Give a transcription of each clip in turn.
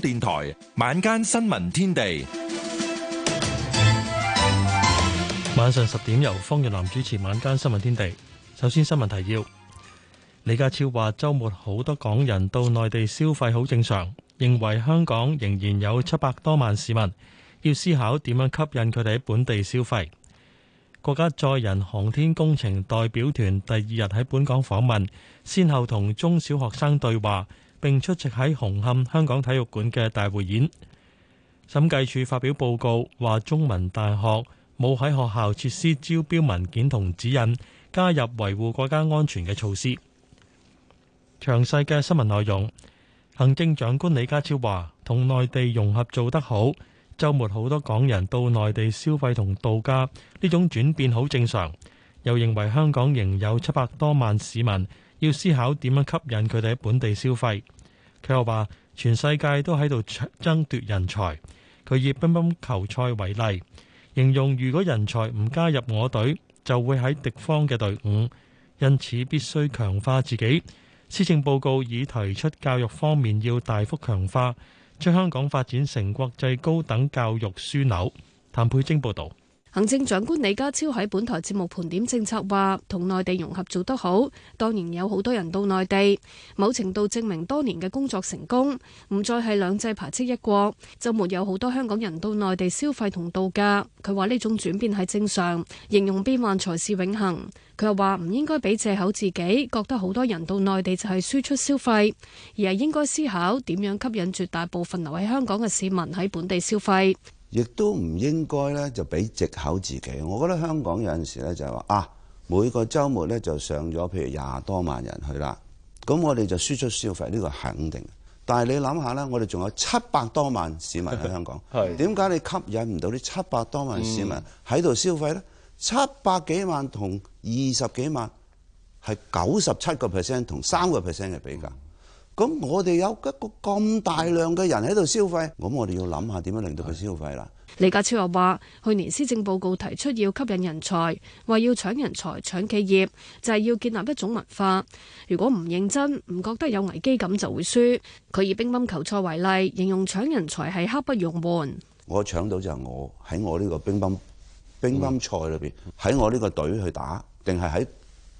電台晚間新聞天地，晚上十點由方若南主持。晚間新聞天地，首先新聞提要：李家超話，周末好多港人到內地消費好正常，認為香港仍然有七百多萬市民要思考點樣吸引佢哋喺本地消費。國家載人航天工程代表團第二日喺本港訪問，先後同中小學生對話。並出席喺紅磡香港體育館嘅大會演。審計署發表報告話，中文大學冇喺學校設施招標文件同指引加入維護國家安全嘅措施。詳細嘅新聞內容。行政長官李家超話，同內地融合做得好，周末好多港人到內地消費同度假，呢種轉變好正常。又認為香港仍有七百多萬市民。要思考點樣吸引佢哋喺本地消費，佢又話全世界都喺度爭奪人才。佢以乒乓球賽為例，形容如果人才唔加入我隊就會喺敵方嘅隊伍，因此必須強化自己。施政報告已提出教育方面要大幅強化，將香港發展成國際高等教育樞紐。譚佩晶報道。行政長官李家超喺本台節目盤點政策，話同內地融合做得好，當然有好多人到內地，某程度證明多年嘅工作成功。唔再係兩制排斥一國，周末好多香港人到內地消費同度假。佢話呢種轉變係正常，形容變幻才是永恒。佢又話唔應該俾借口自己覺得好多人到內地就係輸出消費，而係應該思考點樣吸引絕大部分留喺香港嘅市民喺本地消費。亦都唔應該咧，就俾藉口自己。我覺得香港有陣時咧就係話啊，每個週末咧就上咗譬如廿多萬人去啦。咁我哋就輸出消費呢個肯定。但係你諗下啦，我哋仲有七百多萬市民喺香港，點解 的你吸引唔到呢七百多萬市民喺度消費咧？七百幾萬同二十幾萬係九十七個 percent 同三個 percent 嘅比較。嗯。咁我哋有一個咁大量嘅人喺度消費，咁我哋要諗下點樣令到佢消費啦。李家超又話：去年施政報告提出要吸引人才，話要搶人才、搶企業，就係、是、要建立一種文化。如果唔認真、唔覺得有危機感，就會輸。佢以乒乓球賽為例，形容搶人才係刻不容緩。我搶到就係我喺我呢個乒乓乒乓球賽裏邊，喺、嗯、我呢個隊去打，定係喺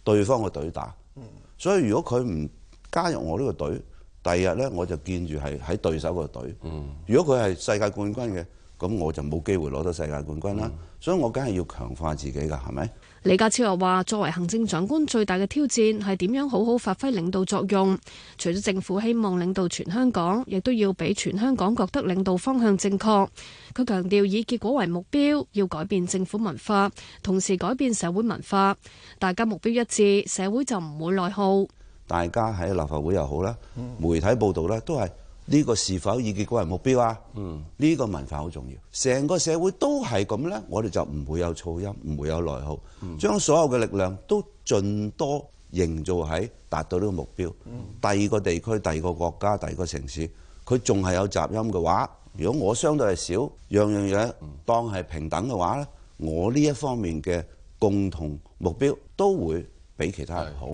對方嘅隊打。嗯、所以如果佢唔加入我呢個隊，第二日咧我就見住係喺對手個隊。嗯，如果佢係世界冠軍嘅，咁我就冇機會攞到世界冠軍啦。所以我梗係要強化自己噶，係咪？李家超又話作為行政長官，最大嘅挑戰係點樣好好發揮領導作用。除咗政府希望領導全香港，亦都要俾全香港覺得領導方向正確。佢強調以結果為目標，要改變政府文化，同時改變社會文化。大家目標一致，社會就唔會內耗。大家喺立法會又好啦，媒體報導咧，都係呢個是否以結果為目標啊？嗯、呢個文化好重要，成個社會都係咁呢。我哋就唔會有噪音，唔會有內耗，將所有嘅力量都盡多營造喺達到呢個目標。嗯、第二個地區、第二個國家、第二個城市，佢仲係有雜音嘅話，如果我相對係少，樣樣嘢當係平等嘅話咧，我呢一方面嘅共同目標都會比其他人好。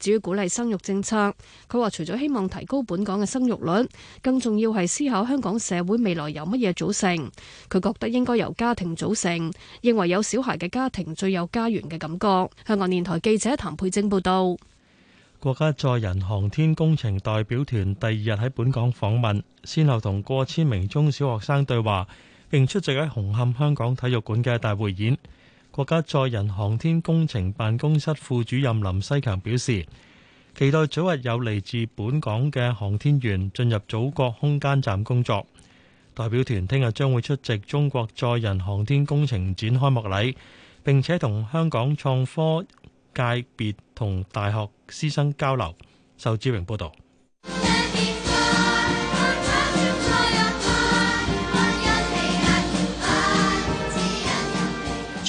至於鼓勵生育政策，佢話除咗希望提高本港嘅生育率，更重要係思考香港社會未來由乜嘢組成。佢覺得應該由家庭組成，認為有小孩嘅家庭最有家園嘅感覺。香港電台記者譚佩貞報道，國家載人航天工程代表團第二日喺本港訪問，先後同過千名中小學生對話，並出席喺紅磡香港體育館嘅大匯演。國家載人航天工程辦公室副主任林西強表示，期待早日有嚟自本港嘅航天員進入祖國空間站工作。代表團聽日將會出席中國載人航天工程展開幕禮，並且同香港創科界別同大學師生交流。仇志榮報導。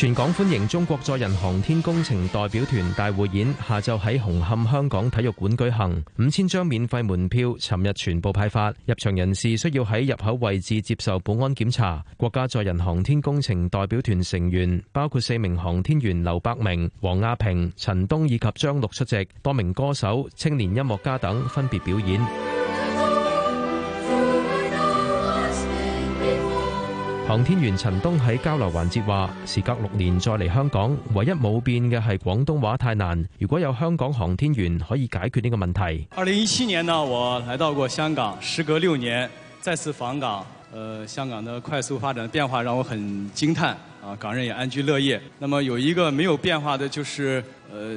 全港歡迎中國載人航天工程代表團大匯演，下晝喺紅磡香港體育館舉行。五千張免費門票，尋日全部派發。入場人士需要喺入口位置接受保安檢查。國家載人航天工程代表團成員包括四名航天員劉伯明、王亞平、陳冬以及張陸出席。多名歌手、青年音樂家等分別表演。航天員陳東喺交流環節話：，時隔六年再嚟香港，唯一冇變嘅係廣東話太難。如果有香港航天員可以解決呢個問題。二零一七年呢，我來到過香港，時隔六年再次訪港，呃，香港的快速發展變化讓我很驚嘆，啊，港人也安居樂業。那麼有一個沒有變化的，就是，呃，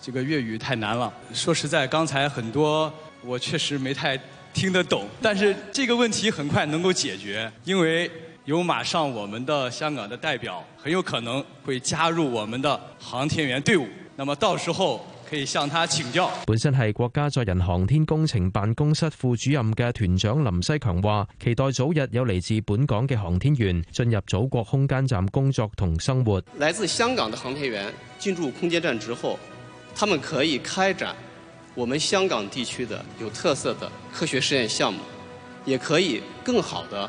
這個粵語太難了。說實在，剛才很多我確實沒太聽得懂，但是這個問題很快能夠解決，因為。有馬上我們的香港的代表，很有可能會加入我們的航天員隊伍。那麼到時候可以向他請教。本身係國家載人航天工程辦公室副主任嘅團長林西強話，期待早日有嚟自本港嘅航天員進入祖國空間站工作同生活。來自香港的航天員進入空間站之後，他們可以開展我們香港地區的有特色的科學實驗項目，也可以更好地。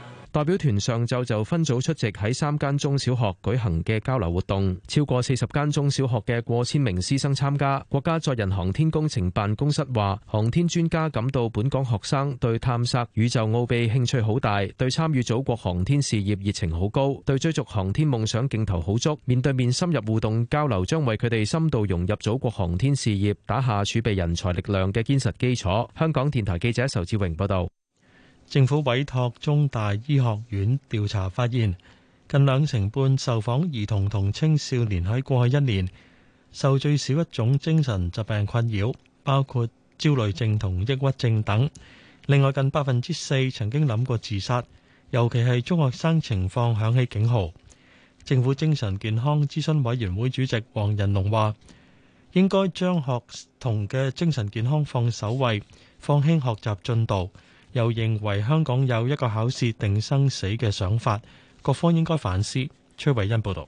代表團上晝就，就分組出席喺三間中小學舉行嘅交流活動，超過四十間中小學嘅過千名師生參加。國家載人航天工程辦公室話，航天專家感到本港學生對探索宇宙奧秘興趣好大，對參與祖國航天事業熱情好高，對追逐航天夢想勁頭好足。面對面深入互動交流，將為佢哋深度融入祖國航天事業打下儲備人才力量嘅堅實基礎。香港電台記者仇志榮報道。政府委託中大醫學院調查發現，近兩成半受訪兒童同青少年喺過去一年受最少一種精神疾病困擾，包括焦慮症同抑鬱症等。另外近、近百分之四曾經諗過自殺，尤其係中學生情況響起警號。政府精神健康諮詢委員會主席黃仁龍話，應該將學童嘅精神健康放首位，放輕學習進度。又認為香港有一個考試定生死嘅想法，各方應該反思。崔慧恩報導。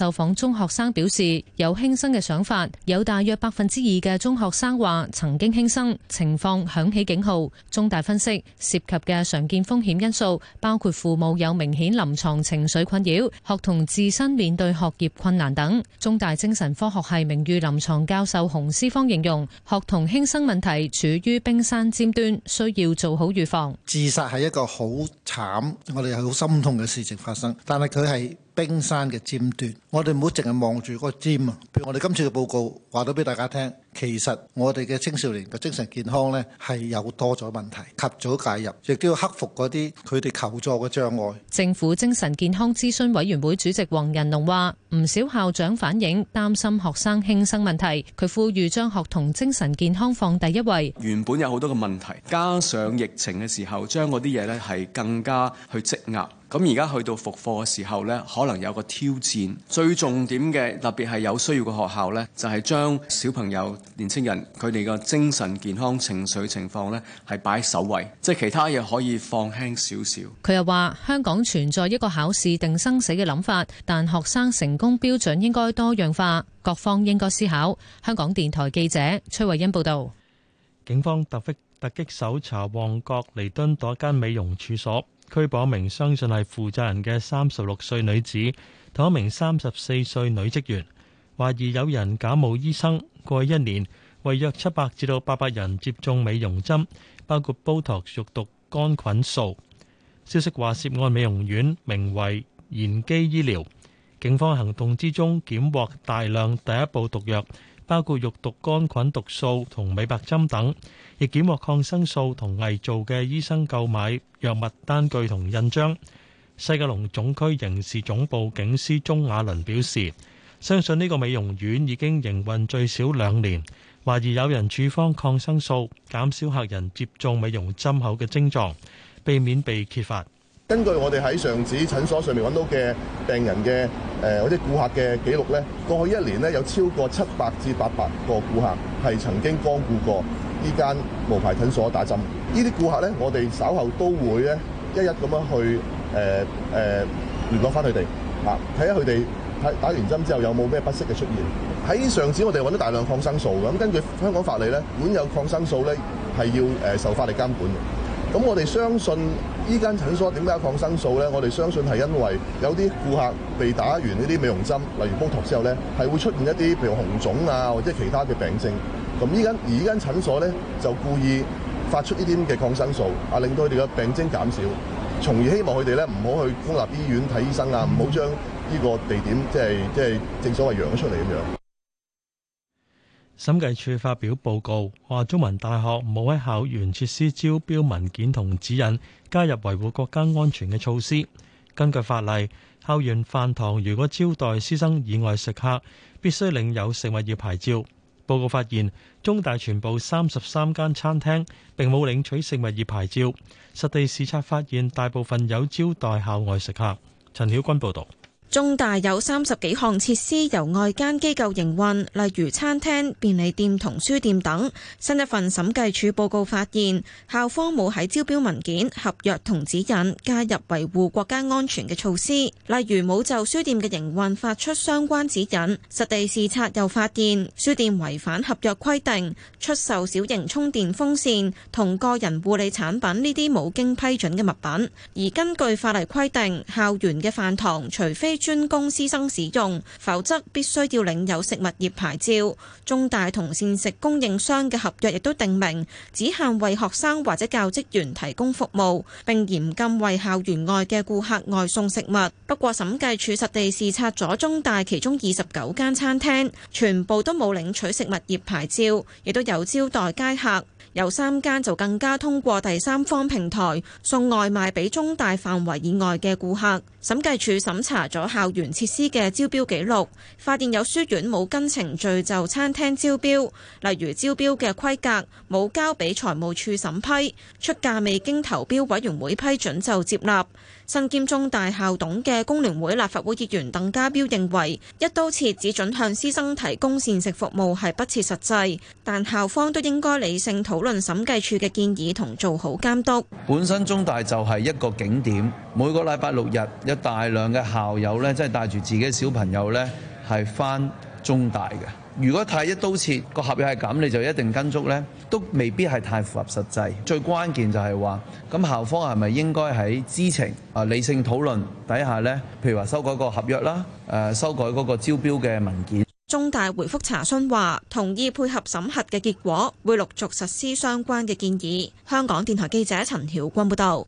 受訪中學生表示有輕生嘅想法，有大約百分之二嘅中學生話曾經輕生，情況響起警號。中大分析涉及嘅常見風險因素包括父母有明顯臨床情緒困擾、學童自身面對學業困難等。中大精神科學系名譽臨床教授洪思方形容，學童輕生問題處於冰山尖端，需要做好預防。自殺係一個好慘，我哋係好心痛嘅事情發生，但係佢係，冰山嘅尖端，我哋唔好淨係望住個尖啊！譬如我哋今次嘅報告話到俾大家聽。其實我哋嘅青少年嘅精神健康呢，係有多咗問題，及早介入亦都要克服嗰啲佢哋求助嘅障礙。政府精神健康諮詢委員會主席黃仁龍話：唔少校長反映擔心學生輕生問題，佢呼籲將學童精神健康放第一位。原本有好多個問題，加上疫情嘅時候，將嗰啲嘢呢係更加去積壓。咁而家去到復課嘅時候呢，可能有個挑戰。最重點嘅特別係有需要嘅學校呢，就係將小朋友。年青人佢哋嘅精神健康情緒情況呢，係擺首位，即係其他嘢可以放輕少少。佢又話：香港存在一個考試定生死嘅諗法，但學生成功標準應該多樣化，各方應該思考。香港電台記者崔慧欣報道。警方突擊突擊搜查旺角彌敦道一間美容處所，拘捕一名相信係負責人嘅三十六歲女子同一名三十四歲女職員，懷疑有人假冒醫生，過去一年為約七百至到八百人接種美容針，包括 Botox 肉毒桿菌素。消息話涉案美容院名為賢基醫療。警方行動之中，檢獲大量第一部毒藥，包括肉毒桿菌毒素同美白針等，亦檢獲抗生素同偽造嘅醫生購買藥物單據同印章。西九龍總區刑事總部警司鍾亞倫表示。相信呢個美容院已經營運最少兩年，懷疑有人處方抗生素，減少客人接種美容針口嘅症狀，避免被揭發。根據我哋喺上址診所上面揾到嘅病人嘅誒、呃，或者顧客嘅記錄咧，過去一年咧有超過七百至八百個顧客係曾經光顧過呢間無牌診所打針。呢啲顧客咧，我哋稍後都會咧，一一噉樣去誒誒、呃呃、聯絡返佢哋，嗱睇下佢哋。打打完針之後有冇咩不適嘅出現？喺上次我哋揾到大量抗生素咁，根據香港法例咧，本有抗生素咧係要誒受法律監管嘅。咁我哋相信呢間診所點解有抗生素咧？我哋相信係因為有啲顧客被打完呢啲美容針、例如 Botox 之後咧，係會出現一啲譬如紅腫啊或者其他嘅病徵。咁呢間而呢間診所咧就故意發出呢啲咁嘅抗生素，啊令到佢哋嘅病徵減少。從而希望佢哋咧唔好去公立醫院睇醫生啊，唔好將呢個地點即係即係正所謂揚咗出嚟咁樣。審計署發表報告，話中文大學冇喺校園設施招標文件同指引加入維護國家安全嘅措施。根據法例，校園飯堂如果招待師生以外食客，必須領有食物業牌照。報告發現，中大全部三十三間餐廳並冇領取食物業牌照。實地視察發現，大部分有招待校外食客。陳曉君報導。中大有三十幾項設施由外間機構營運，例如餐廳、便利店同書店等。新一份審計署報告發現，校方冇喺招標文件、合約同指引加入維護國家安全嘅措施，例如冇就書店嘅營運發出相關指引。實地視察又發現，書店違反合約規定，出售小型充電風扇同個人護理產品呢啲冇經批准嘅物品。而根據法例規定，校園嘅飯堂除非專供師生使用，否則必須要領有食物業牌照。中大同膳食供應商嘅合約亦都定明，只限為學生或者教職員提供服務，並嚴禁為校園外嘅顧客外送食物。不過審計署實地視察咗中大其中二十九間餐廳，全部都冇領取食物業牌照，亦都有招待街客。有三間就更加通過第三方平台送外賣俾中大範圍以外嘅顧客。審計署審查咗校園設施嘅招標記錄，發現有書院冇跟程序就餐廳招標，例如招標嘅規格冇交俾財務處審批，出價未經投標委員會批准就接納。身兼中大校董嘅工聯會立法會議員鄧家彪認為，一刀切只准向師生提供膳食服務係不切實際，但校方都應該理性討論審計處嘅建議同做好監督。本身中大就係一個景點，每個禮拜六日有大量嘅校友咧，即係帶住自己小朋友咧，係翻中大嘅。如果太一刀切，個合約係咁，你就一定跟足呢，都未必係太符合實際。最關鍵就係話，咁校方係咪應該喺知情啊理性討論底下呢？譬如話修改個合約啦，誒修改嗰個招標嘅文件。中大回覆查詢話，同意配合審核嘅結果，會陸續實施相關嘅建議。香港電台記者陳曉君報導。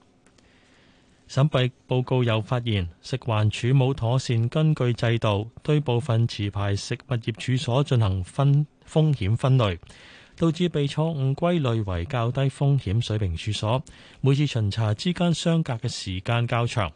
審計報告又發現，食環署冇妥善根據制度對部分持牌食物業處所進行分風險分類，導致被錯誤歸類為較低風險水平處所，每次巡查之間相隔嘅時間較長。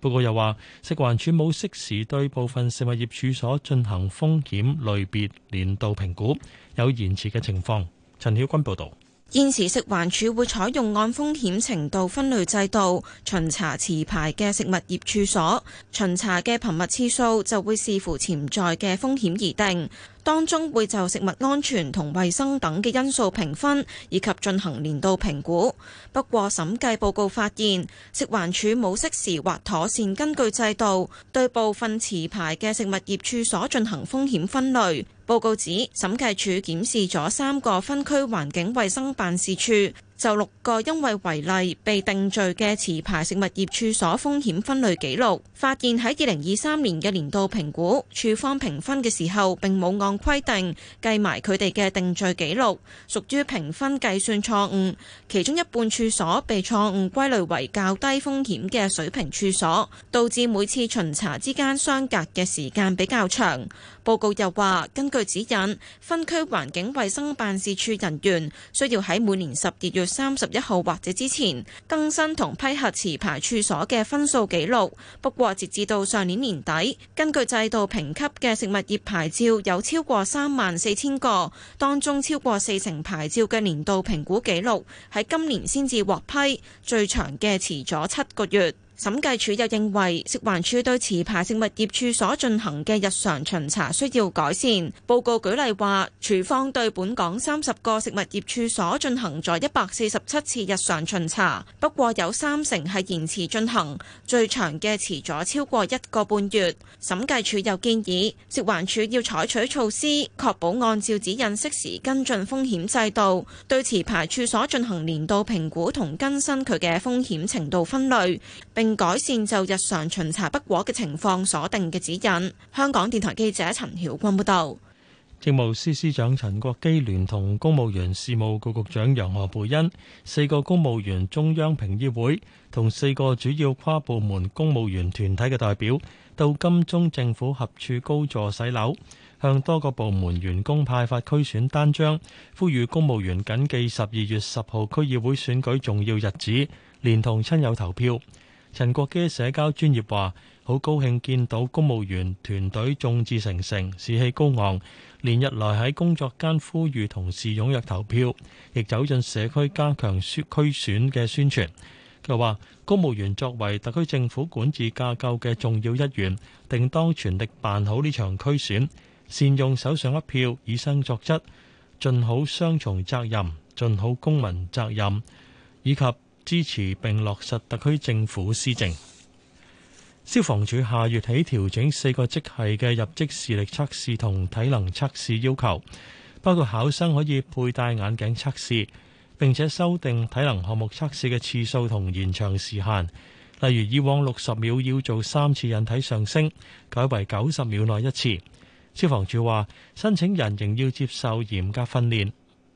報告又話，食環署冇適時對部分食物業處所進行風險類別年度評估，有延遲嘅情況。陳曉君報導。現時食環署會採用按風險程度分類制度，巡查持牌嘅食物業處所，巡查嘅頻密次數就會視乎潛在嘅風險而定。當中會就食物安全同衛生等嘅因素評分，以及進行年度評估。不過審計報告發現，食環署冇適時或妥善根據制度對部分持牌嘅食物業處所進行風險分類。報告指審計署檢視咗三個分區環境衞生辦事處。就六個因為違例被定罪嘅持牌食物業處所風險分類記錄，發現喺二零二三年嘅年度評估處方評分嘅時候，並冇按規定計埋佢哋嘅定罪記錄，屬於評分計算錯誤，其中一半處所被錯誤歸類為較低風險嘅水平處所，導致每次巡查之間相隔嘅時間比較長。報告又話，根據指引，分區環境衛生辦事處人員需要喺每年十二月。三十一號或者之前更新同批核持牌處所嘅分數紀錄。不過截至到上年年底，根據制度評級嘅食物業牌照有超過三萬四千個，當中超過四成牌照嘅年度評估紀錄喺今年先至獲批，最長嘅遲咗七個月。審計署又認為，食環署對持牌食物業處所進行嘅日常巡查需要改善。報告舉例話，廚房對本港三十個食物業處所進行咗一百四十七次日常巡查，不過有三成係延遲進行，最長嘅遲咗超過一個半月。審計署又建議，食環署要採取措施，確保按照指引適時跟進風險制度，對持牌處所進行年度評估同更新佢嘅風險程度分類。並改善就日常巡查不果嘅情況所定嘅指引。香港電台記者陳曉君報道，政務司司長陳國基聯同公務員事務局局長楊何培恩，四個公務員中央評議會同四個主要跨部門公務員團體嘅代表，到金鐘政府合署高座洗樓，向多個部門員工派發區選單張，呼籲公務員謹記十二月十號區議會選舉重要日子，連同親友投票。陳國基社交專業話：好高興見到公務員團隊眾志成城，士氣高昂。連日來喺工作間呼籲同事踴躍投票，亦走進社區加強區選嘅宣傳。佢話：公務員作為特區政府管治架構嘅重要一員，定當全力辦好呢場區選，善用手上一票，以身作則，盡好雙重責任，盡好公民責任，以及支持並落實特區政府施政。消防署下月起調整四個職系嘅入職視力測試同體能測試要求，包括考生可以佩戴眼鏡測試，並且修訂體能項目測試嘅次數同延長時限。例如以往六十秒要做三次引體上升，改為九十秒內一次。消防署話，申請人仍要接受嚴格訓練，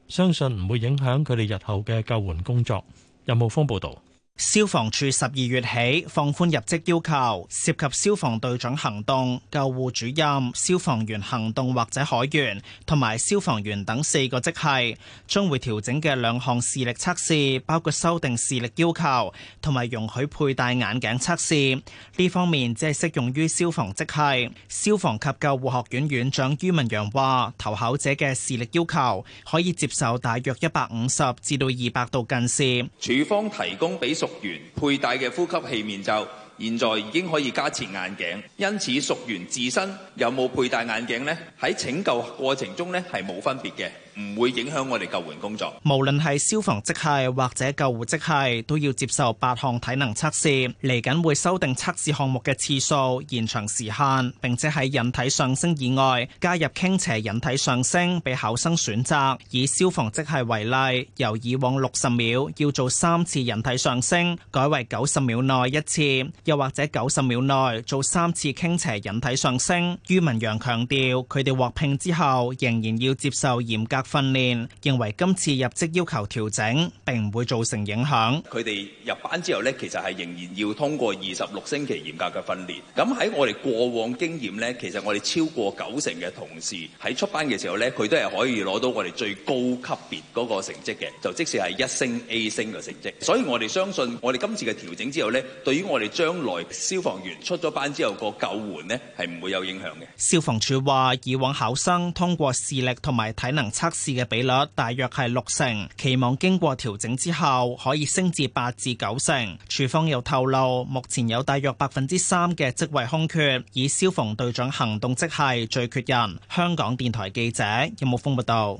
相信唔會影響佢哋日後嘅救援工作。任浩峰報道。消防處十二月起放寬入職要求，涉及消防隊長行動、救護主任、消防員行動或者海員同埋消防員等四個職系，將會調整嘅兩項視力測試，包括修訂視力要求同埋容許佩戴眼鏡測試。呢方面只係適用於消防職系。消防及救護學院院長于文揚話，投考者嘅視力要求可以接受大約一百五十至到二百度近視。處方提供比。屬員佩戴嘅呼吸器面罩，現在已經可以加設眼鏡，因此屬員自身有冇佩戴眼鏡呢？喺拯救過程中呢，係冇分別嘅。唔會影響我哋救援工作。無論係消防職系或者救護職系，都要接受八項體能測試，嚟緊會修訂測試項目嘅次數，延長時限，並且喺引體上升以外加入傾斜引體上升俾考生選擇。以消防職系為例，由以往六十秒要做三次引體上升，改為九十秒內一次，又或者九十秒內做三次傾斜引體上升。于文陽強調，佢哋獲聘之後仍然要接受嚴格。訓練認為今次入職要求調整，並唔會造成影響。佢哋入班之後呢，其實係仍然要通過二十六星期嚴格嘅訓練。咁喺我哋過往經驗呢，其實我哋超過九成嘅同事喺出班嘅時候呢，佢都係可以攞到我哋最高級別嗰個成績嘅，就即使係一星 A 星嘅成績。所以我哋相信，我哋今次嘅調整之後呢，對於我哋將來消防員出咗班之後個救援呢，係唔會有影響嘅。消防處話以往考生通過視力同埋體能測事嘅比率大約係六成，期望經過調整之後可以升至八至九成。處方又透露，目前有大約百分之三嘅職位空缺，以消防隊長行動職系最缺人。香港電台記者任木峰報道：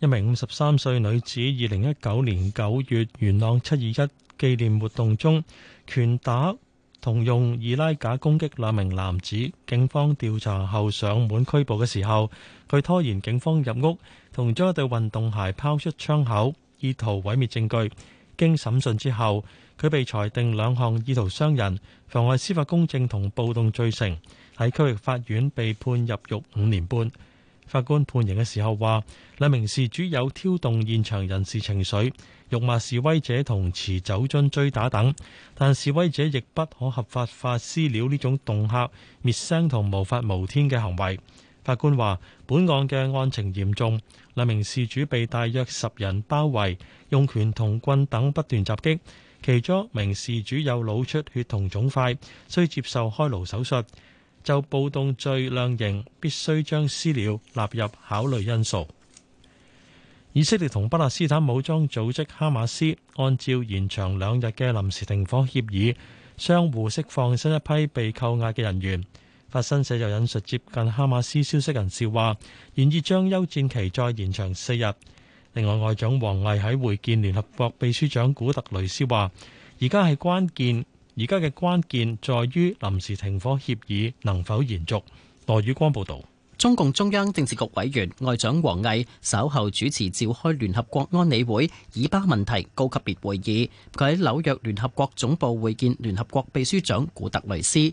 一名五十三歲女子，二零一九年九月元朗七二一紀念活動中，拳打同用二拉架攻擊兩名男子。警方調查後上門拘捕嘅時候，佢拖延警方入屋。同將一對運動鞋拋出窗口，意圖毀滅證據。經審訊之後，佢被裁定兩項意圖傷人、妨礙司法公正同暴動罪成，喺區域法院被判入獄五年半。法官判刑嘅時候話：兩名事主有挑動現場人士情緒，辱罵示威者同持酒樽追打等，但示威者亦不可合法化私了呢種恫嚇、滅聲同無法無天嘅行為。法官話：本案嘅案情嚴重。兩名事主被大約十人包圍，用拳同棍等不斷襲擊，其中一名事主有腦出血同腫塊，需接受開顱手術。就暴動罪量刑，必須將私了納入考慮因素。以色列同巴勒斯坦武裝組織哈馬斯，按照延長兩日嘅臨時停火協議，相互釋放新一批被扣押嘅人員。法新社就引述接近哈馬斯消息人士話，願意將休戰期再延長四日。另外，外長王毅喺會見聯合國秘書長古特雷斯話，而家係關鍵，而家嘅關鍵在於臨時停火協議能否延續。羅宇光報導。中共中央政治局委員外長王毅稍後主持召開聯合國安理會以巴問題高級別會議，佢喺紐約聯合國總部會見聯合國秘書長古特雷斯。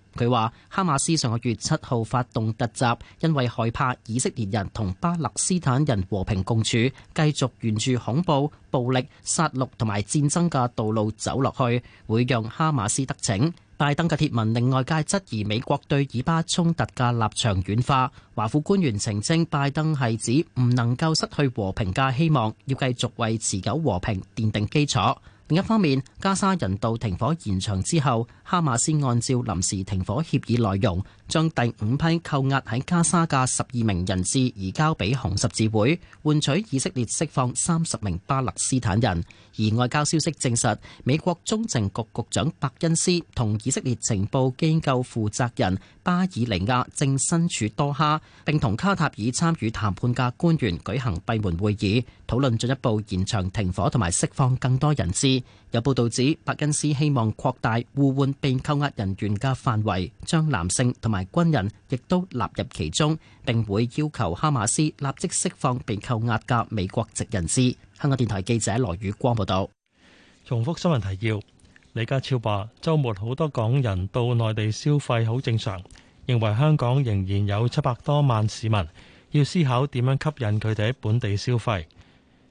佢話：哈馬斯上個月七號發動突襲，因為害怕以色列人同巴勒斯坦人和平共處，繼續沿住恐怖、暴力、殺戮同埋戰爭嘅道路走落去，會讓哈馬斯得逞。拜登嘅貼文令外界質疑美國對以巴衝突嘅立場軟化。華府官員澄清，拜登係指唔能夠失去和平嘅希望，要繼續為持久和平奠定基礎。另一方面，加沙人道停火延長之後，哈馬斯按照臨時停火協議內容，將第五批扣押喺加沙嘅十二名人質移交俾紅十字會，換取以色列釋放三十名巴勒斯坦人。而外交消息證實，美國中情局局長伯恩斯同以色列情報機構負責人巴爾尼亞正身處多哈，並同卡塔爾參與談判嘅官員舉行閉門會議，討論進一步延長停火同埋釋放更多人質。有報道指，白恩斯希望擴大互換被扣押人員嘅範圍，將男性同埋軍人亦都納入其中，並會要求哈馬斯立即釋放被扣押嘅美國籍人士。香港電台記者羅宇光報道。重複新聞提要。李家超話，周末好多港人到內地消費好正常，認為香港仍然有七百多萬市民要思考點樣吸引佢哋喺本地消費。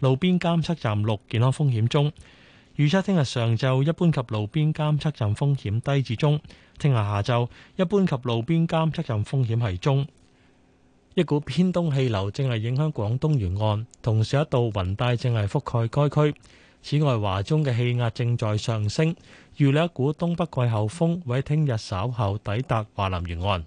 路邊監測站六健康風險中，預測聽日上晝一般及路邊監測站風險低至中，聽日下晝一般及路邊監測站風險係中。一股偏東氣流正係影響廣東沿岸，同時一道雲帶正係覆蓋該區。此外，華中嘅氣壓正在上升，預料一股東北季候風會喺聽日稍後抵達華南沿岸。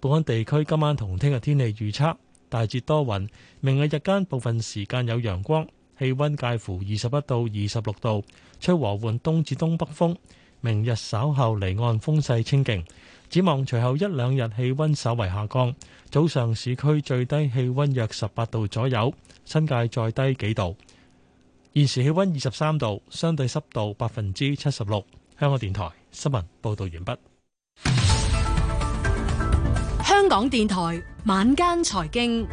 本港地區今晚同聽日天氣預測。大致多雲，明日日間部分時間有陽光，氣温介乎二十一到二十六度，吹和緩東至東北風。明日稍後離岸風勢清勁，展望隨後一兩日氣温稍為下降，早上市區最低氣温約十八度左右，新界再低幾度。現時氣温二十三度，相對濕度百分之七十六。香港電台新聞報導完畢。香港電台晚間財經。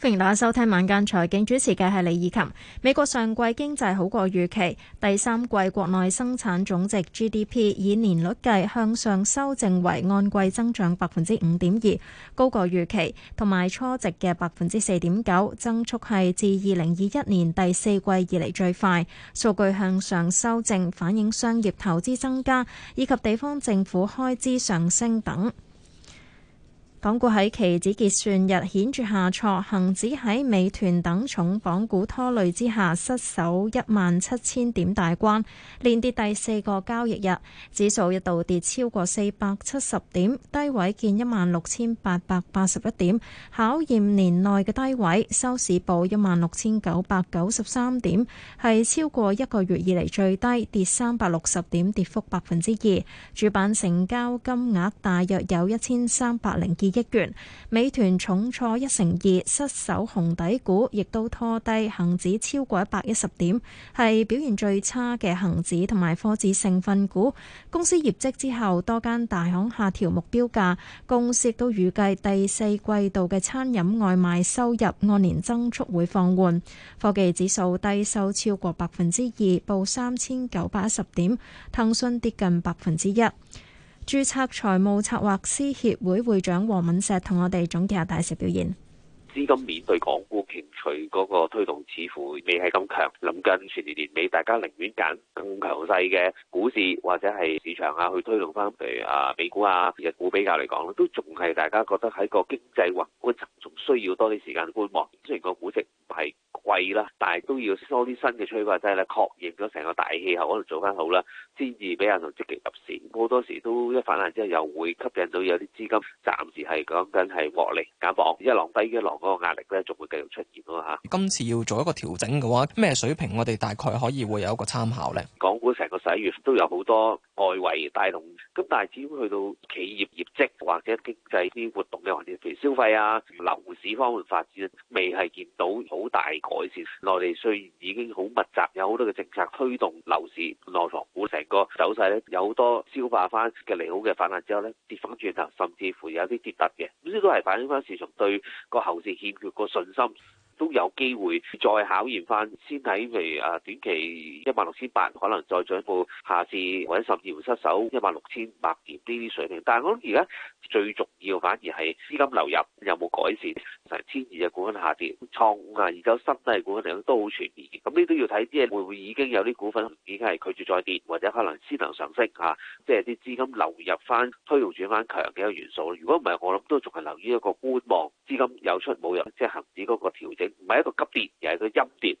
歡迎大家收聽晚間財經，主持嘅係李以琴。美國上季經濟好過預期，第三季國內生產總值 GDP 以年率計向上修正為按季增長百分之五點二，高過預期，同埋初值嘅百分之四點九，增速係自二零二一年第四季以嚟最快。數據向上修正反映商業投資增加，以及地方政府開支上升等。港股喺期指結算日顯著下挫，恒指喺美團等重磅股拖累之下失守一萬七千點大關，連跌第四個交易日，指數一度跌超過四百七十點低位見一萬六千八百八十一點考驗年內嘅低位收市報一萬六千九百九十三點，係超過一個月以嚟最低，跌三百六十點跌幅百分之二，主板成交金額大約有一千三百零二。億元，美團重挫一成二，失守紅底股，亦都拖低恒指超過一百一十點，係表現最差嘅恒指同埋科指成分股。公司業績之後，多間大行下調目標價。公司亦都預計第四季度嘅餐飲外賣收入按年增速會放緩。科技指數低收超過百分之二，報三千九百一十點，騰訊跌近百分之一。註冊財務策劃師協會會長黃敏石同我哋總結下大市表現。資金面對港股情緒嗰個推動似乎未係咁強，臨近全年年尾，大家寧願揀更強勢嘅股市或者係市場啊，去推動翻。譬如啊，美股啊日股比較嚟講都仲係大家覺得喺個經濟宏觀層，仲需要多啲時間觀望。雖然個估值唔係貴啦，但係都要多啲新嘅催化劑咧，確認咗成個大氣候可能做翻好啦，先至俾人同積極入市。好多時都一反彈之後，又會吸引到有啲資金暫時係講緊係獲利減磅，一浪低一浪低。一浪嗰個壓力咧，仲會繼續出現咯嚇。今次要做一個調整嘅話，咩水平我哋大概可以會有一個參考咧？港股成個十一月都有好多外圍帶動，咁但係至於去到企業業績或者經濟啲活動嘅環節，譬如消費啊、樓市方面發展，未係見到好大改善。內地雖然已經好密集，有好多嘅政策推動樓市內房股成個走勢咧，有多好多消化翻嘅利好嘅反彈之後咧，跌翻轉頭，甚至乎有啲跌突嘅，呢啲都係反映翻市場對個後市欠缺個信心，都有機會再考驗翻，先睇譬如啊短期一萬六千八，可能再進一步下次或者十二會失守一萬六千八點呢啲水平。但係我諗而家最重要反而係資金流入有冇改善。成千二隻股份下跌，創五啊，而家新低股份嚟都好全面嘅。咁呢都要睇啲嘢會唔會已經有啲股份已經係拒絕再跌，或者可能先能上升嚇、啊，即係啲資金流入翻，推動轉翻強嘅一個元素。如果唔係，我諗都仲係留於一個觀望，資金有出冇入，即係恆指嗰個調整，唔係一個急跌，而係一個陰跌。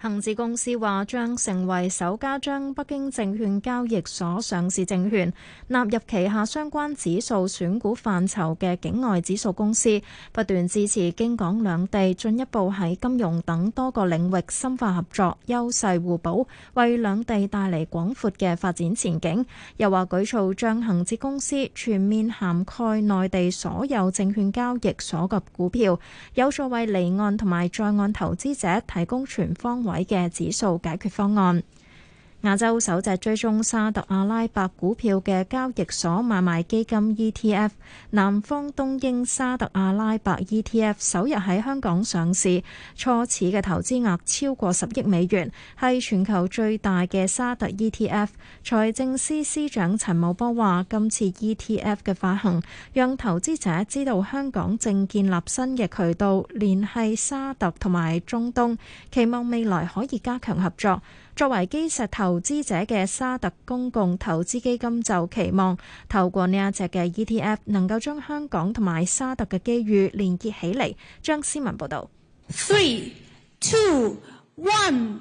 恒指公司話將成為首家將北京證券交易所上市證券納入旗下相關指數選股範疇嘅境外指數公司，不斷支持京港兩地進一步喺金融等多個領域深化合作，優勢互補，為兩地帶嚟廣闊嘅發展前景。又話舉措將恒指公司全面涵蓋內地所有證券交易所及股票，有助為離岸同埋在岸投資者提供全方位嘅指數解決方案。亞洲首隻追蹤沙特阿拉伯股票嘅交易所買賣基金 ETF，南方東英沙特阿拉伯 ETF 首日喺香港上市，初始嘅投資額超過十億美元，係全球最大嘅沙特 ETF。財政司司長陳茂波話：今次 ETF 嘅發行，讓投資者知道香港正建立新嘅渠道，聯繫沙特同埋中東，期望未來可以加強合作。作為基石投資者嘅沙特公共投資基金就期望透過呢一隻嘅 ETF，能夠將香港同埋沙特嘅機遇連結起嚟。張思文報導。Three, two, one.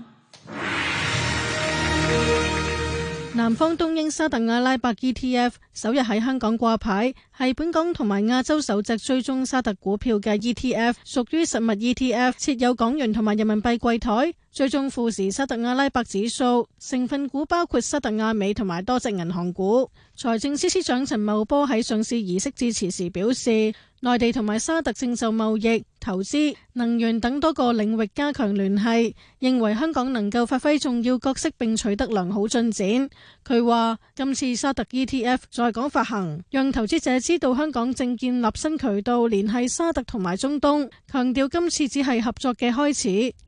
南方東英沙特阿拉伯 ETF 首日喺香港掛牌，係本港同埋亞洲首隻追蹤沙特股票嘅 ETF，屬於實物 ETF，設有港元同埋人民幣櫃台，追蹤富時沙特阿拉伯指數，成分股包括沙特阿美同埋多隻銀行股。財政司司長陳茂波喺上市儀式致辭時表示。內地同埋沙特正就貿易、投資、能源等多個領域加強聯繫，認為香港能夠發揮重要角色並取得良好進展。佢話，今次沙特 ETF 在港發行，讓投資者知道香港正建立新渠道，聯繫沙特同埋中東，強調今次只係合作嘅開始。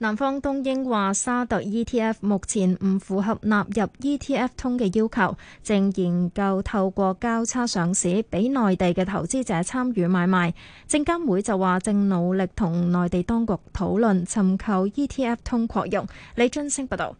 南方東英話沙特 ETF 目前唔符合納入 ETF 通嘅要求，正研究透過交叉上市俾內地嘅投資者參與買賣。證監會就話正努力同內地當局討論尋求 ETF 通擴容。李俊升報道。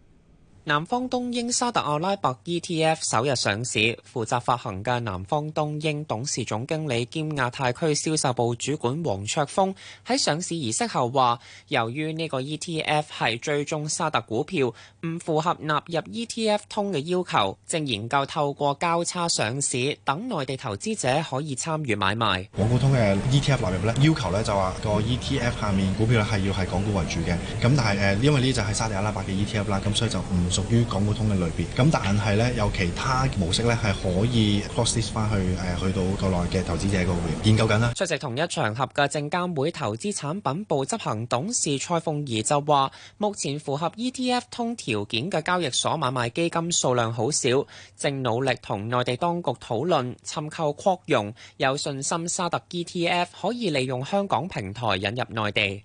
南方東英沙特阿拉伯 ETF 首日上市，負責發行嘅南方東英董事總經理兼亞太區銷售部主管黃卓峰喺上市儀式後話，由於呢個 ETF 係追蹤沙特股票，唔符合納入 ETF 通嘅要求，正研究透過交叉上市等內地投資者可以參與買賣。港股通嘅 ETF 納入咧，要求咧就話個 ETF 下面股票咧係要係港股為主嘅，咁但係誒、呃、因為呢就係沙特阿拉伯嘅 ETF 啦，咁所以就唔屬於港股通嘅類別，咁但係咧有其他模式咧係可以 cross s 翻去去到國內嘅投資者個會研究緊啦。出席同一場合嘅證監會投資產品部執行董事蔡鳳儀就話：目前符合 ETF 通條件嘅交易所買賣基金數量好少，正努力同內地當局討論尋求擴容，有信心沙特 ETF 可以利用香港平台引入內地。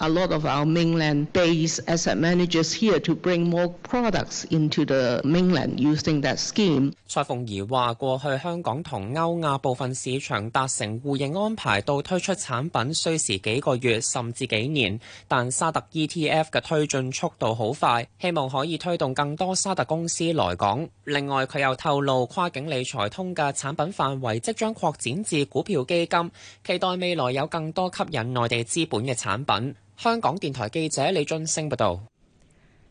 A lot of our mainland-based asset managers here to bring more products into the mainland using that scheme。蔡鳳儀話，過去香港同歐亞部分市場達成互認安排，到推出產品需時幾個月甚至幾年，但沙特 ETF 嘅推進速度好快，希望可以推動更多沙特公司來港。另外，佢又透露跨境理財通嘅產品範圍即將擴展至股票基金，期待未來有更多吸引內地資本嘅產品。香港電台記者李俊升報道：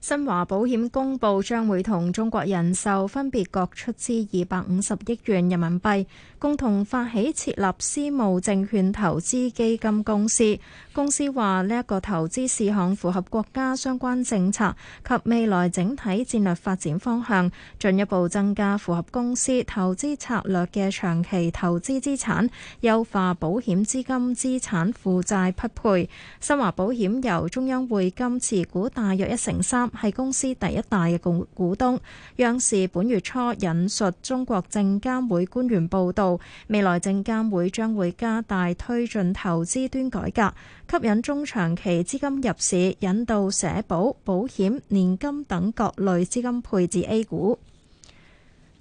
新華保險公布，將會同中國人壽分別各出資二百五十億元人民幣。共同發起設立私募證券投資基金公司。公司話呢一個投資事項符合國家相關政策及未來整體戰略發展方向，進一步增加符合公司投資策略嘅長期投資資產，優化保險資金資產負債匹配。新華保險由中央匯金持股大約一成三，係公司第一大嘅股股東。央視本月初引述中國證監會官員報道。未來證監會將會加大推進投資端改革，吸引中長期資金入市，引導社保、保險、年金等各類資金配置 A 股。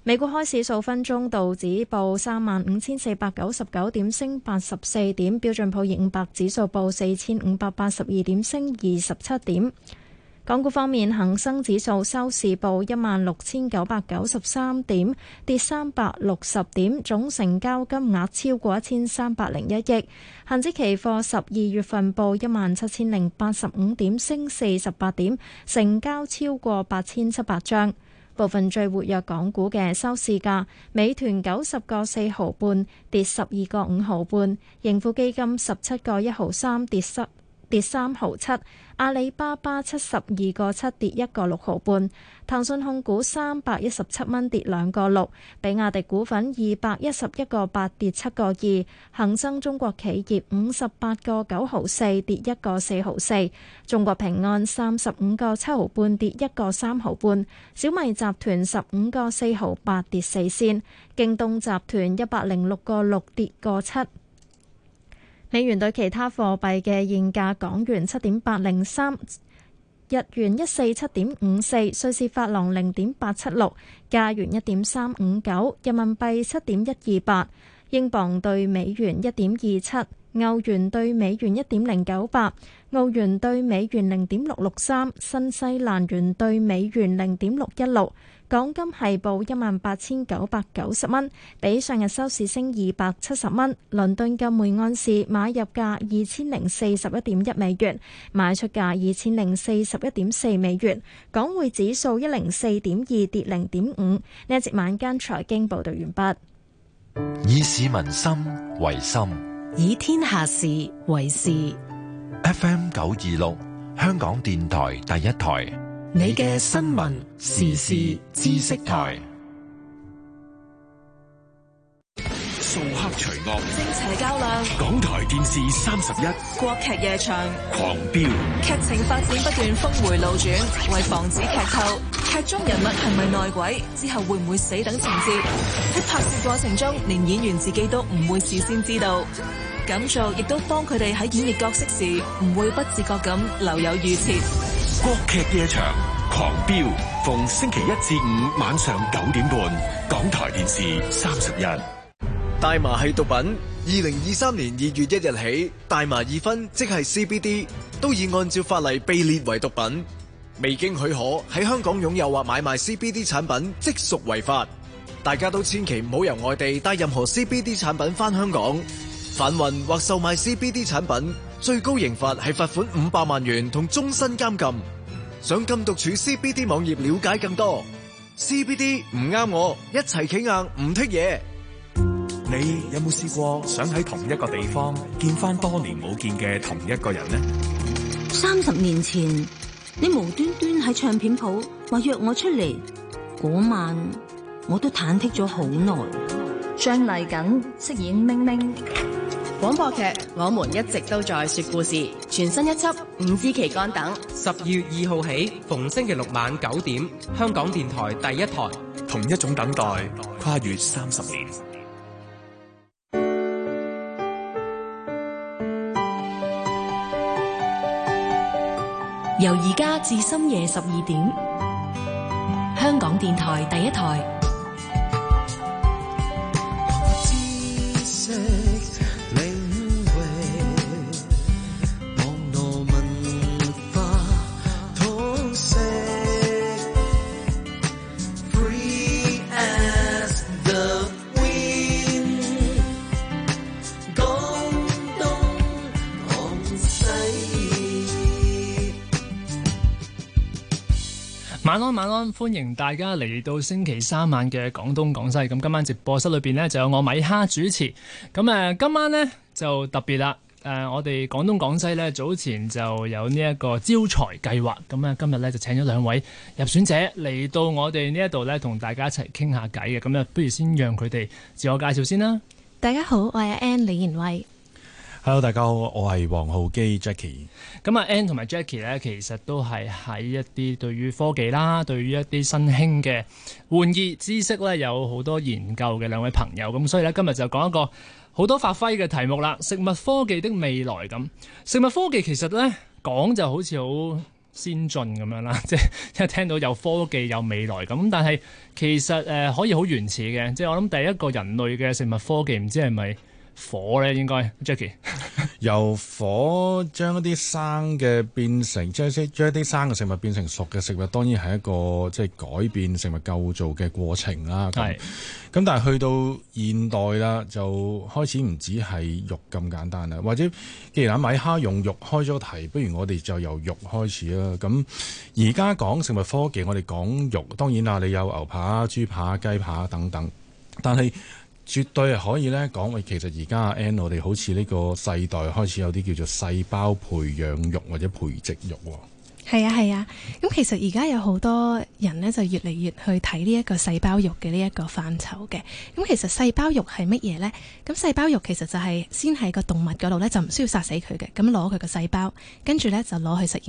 美股開市數分鐘，道指報三萬五千四百九十九點，升八十四點；標準普爾五百指數報四千五百八十二點，升二十七點。港股方面，恒生指數收市報一萬六千九百九十三點，跌三百六十點，總成交金額超過一千三百零一億。恒指期貨十二月份報一萬七千零八十五點，升四十八點，成交超過八千七百張。部分最活躍港股嘅收市價：美團九十個四毫半，跌十二個五毫半；盈富基金十七個一毫三，跌十。跌三毫七，阿里巴巴七十二個七跌一個六毫半，騰訊控股三百一十七蚊跌兩個六，比亞迪股份二百一十一個八跌七個二，恒生中國企業五十八個九毫四跌一個四毫四，中國平安三十五個七毫半跌一個三毫半，小米集團十五個四毫八跌四線，京東集團一百零六個六跌個七。美元兌其他貨幣嘅現價：港元七點八零三，日元一四七點五四，瑞士法郎零點八七六，加元一點三五九，人民幣七點一二八，英鎊對美元一點二七，歐元對美元一點零九八，澳元對美元零點六六三，新西蘭元對美元零點六一六。港金係報一萬八千九百九十蚊，比上日收市升二百七十蚊。倫敦金每安士買入價二千零四十一點一美元，賣出價二千零四十一點四美元。港匯指數一零四點二跌零點五。呢一節晚間財經報道完畢。以市民心為心，以天下事為事。FM 九二六，香港電台第一台。你嘅新聞時事知識台，掃黑除惡，正邪較量。港台電視三十一，國劇夜場狂飆，劇情發展不斷峰回路轉。為防止劇透，劇中人物係咪內鬼，之後會唔會死等情節，喺拍攝過程中連演員自己都唔會事先知道，咁做亦都當佢哋喺演繹角色時唔會不自覺咁留有預設。國劇夜場。狂飆逢星期一至五晚上九點半，港台電視三十日。大麻係毒品。二零二三年二月一日起，大麻二分即係 CBD 都已按照法例被列為毒品。未經許可喺香港擁有或買賣 CBD 產品即屬違法。大家都千祈唔好由外地帶任何 CBD 產品返香港。販運或售賣 CBD 產品最高刑罰係罰款五百萬元同終身監禁。想禁毒處 CBD 網頁了解更多。CBD 唔啱我，一齊企硬唔剔嘢。你有冇試過想喺同一個地方見翻多年冇見嘅同一個人呢？三十年前，你無端端喺唱片鋪話約我出嚟，嗰晚我都忐忑咗好耐。張麗瑾飾演明明。廣播劇，我們一直都在說故事，全新一輯《五支旗杆等》，十二月二號起，逢星期六晚九點，香港電台第一台。同一種等待，跨越三十年。由而家至深夜十二點，香港電台第一台。晚安，歡迎大家嚟到星期三晚嘅廣東廣西。咁今晚直播室裏邊呢，就有我米哈主持。咁啊，今晚呢，就特別啦。誒，我哋廣東廣西呢，早前就有呢一個招財計劃。咁啊，今日呢，就請咗兩位入選者嚟到我哋呢一度呢，同大家一齊傾下偈嘅。咁啊，不如先讓佢哋自我介紹先啦。大家好，我係 Ann 李賢慧。hello，大家好，我係黃浩基 Jacky。咁啊 Anne 同埋 Jacky 咧，其實都係喺一啲對於科技啦，對於一啲新興嘅玩意知識咧，有好多研究嘅兩位朋友。咁所以咧，今日就講一個好多發揮嘅題目啦。食物科技的未來。咁，食物科技其實咧講就好似好先進咁樣啦，即係一聽到有科技有未來咁。但係其實誒可以好原始嘅，即係我諗第一個人類嘅食物科技，唔知係咪？火呢，應該 Jacky 由火將一啲生嘅變成，即係將一啲生嘅食物變成熟嘅食物，當然係一個即係改變食物構造嘅過程啦。咁咁是但係去到現代啦，就開始唔止係肉咁簡單啦。或者既然阿米蝦用肉開咗題，不如我哋就由肉開始啦。咁而家講食物科技，我哋講肉，當然啦，你有牛扒、豬扒、雞扒等等，但係，絕對係可以咧講，喂，其實而家阿 N，我哋好似呢個世代開始有啲叫做細胞培養肉或者培植肉。係啊，係啊。咁其實而家有好多人咧，就越嚟越去睇呢一個細胞肉嘅呢一個範疇嘅。咁其實細胞肉係乜嘢呢？咁細胞肉其實就係先喺個動物嗰度咧，就唔需要殺死佢嘅，咁攞佢個細胞，跟住咧就攞去食。